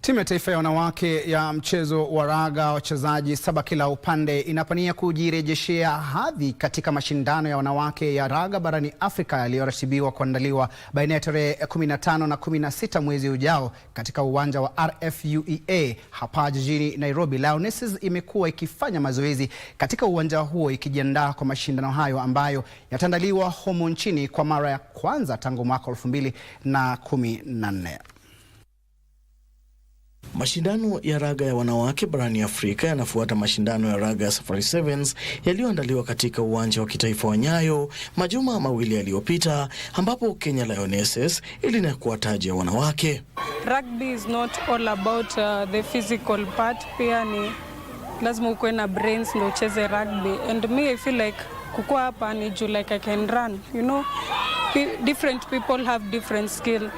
Timu ya taifa ya wanawake ya mchezo wa raga wachezaji saba kila upande inapania kujirejeshea hadhi katika mashindano ya wanawake ya raga barani Afrika yaliyoratibiwa kuandaliwa baina ya tarehe 15 na 16 mwezi ujao katika uwanja wa RFUEA hapa jijini Nairobi. Lionesses imekuwa ikifanya mazoezi katika uwanja huo ikijiandaa kwa mashindano hayo ambayo yataandaliwa humu nchini kwa mara ya kwanza tangu mwaka 2014. Mashindano ya raga ya wanawake barani Afrika yanafuata mashindano ya raga ya Safari Sevens yaliyoandaliwa katika uwanja wa kitaifa wa Nyayo majuma mawili yaliyopita, ambapo Kenya Lionesses ilinakuwa taji ya wanawake. Rugby is not all about uh, the physical part, pia ni lazima ukuwe na brains ndio ucheze rugby and me I feel like kukuwa hapa ni juu like I can run you know different people have different skill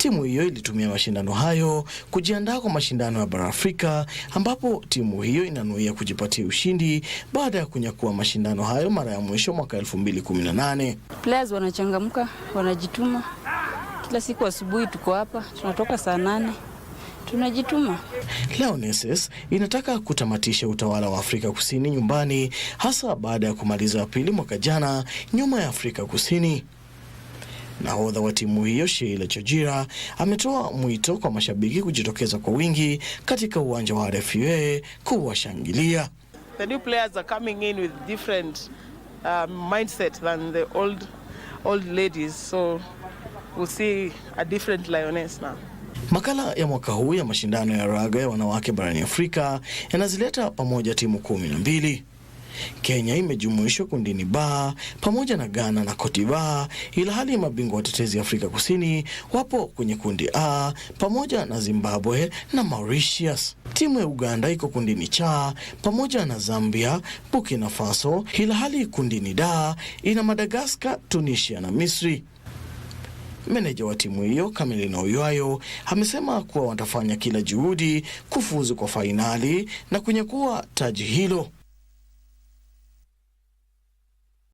Timu hiyo ilitumia mashindano hayo kujiandaa kwa mashindano ya bara Afrika, ambapo timu hiyo inanuia kujipatia ushindi baada ya kunyakua mashindano hayo mara ya mwisho mwaka 2018. Players wanachangamka, wanajituma. Kila siku asubuhi tuko hapa, tunatoka saa nane tunajituma. Leonesses inataka kutamatisha utawala wa Afrika Kusini nyumbani, hasa baada ya kumaliza wa pili mwaka jana nyuma ya Afrika Kusini. Nahodha wa timu hiyo Sheila Chajira ametoa mwito kwa mashabiki kujitokeza kwa wingi katika uwanja wa RFUA kuwashangilia. The new players are coming in with different uh, mindset than the old old ladies so we'll see a different lioness now. Makala ya mwaka huu ya mashindano ya raga ya wanawake barani Afrika yanazileta pamoja timu kumi na mbili. Kenya imejumuishwa kundini ba pamoja na Ghana na Kotiba, ila hali mabingwa watetezi Afrika Kusini wapo kwenye kundi A pamoja na Zimbabwe na Mauritius. Timu ya Uganda iko kundini cha pamoja na Zambia, Burkina Faso, ila hali kundini da ina Madagaskar, Tunisia na Misri. Meneja wa timu hiyo Kamilina Oyuayo amesema kuwa watafanya kila juhudi kufuzu kwa fainali na kunyakua taji hilo.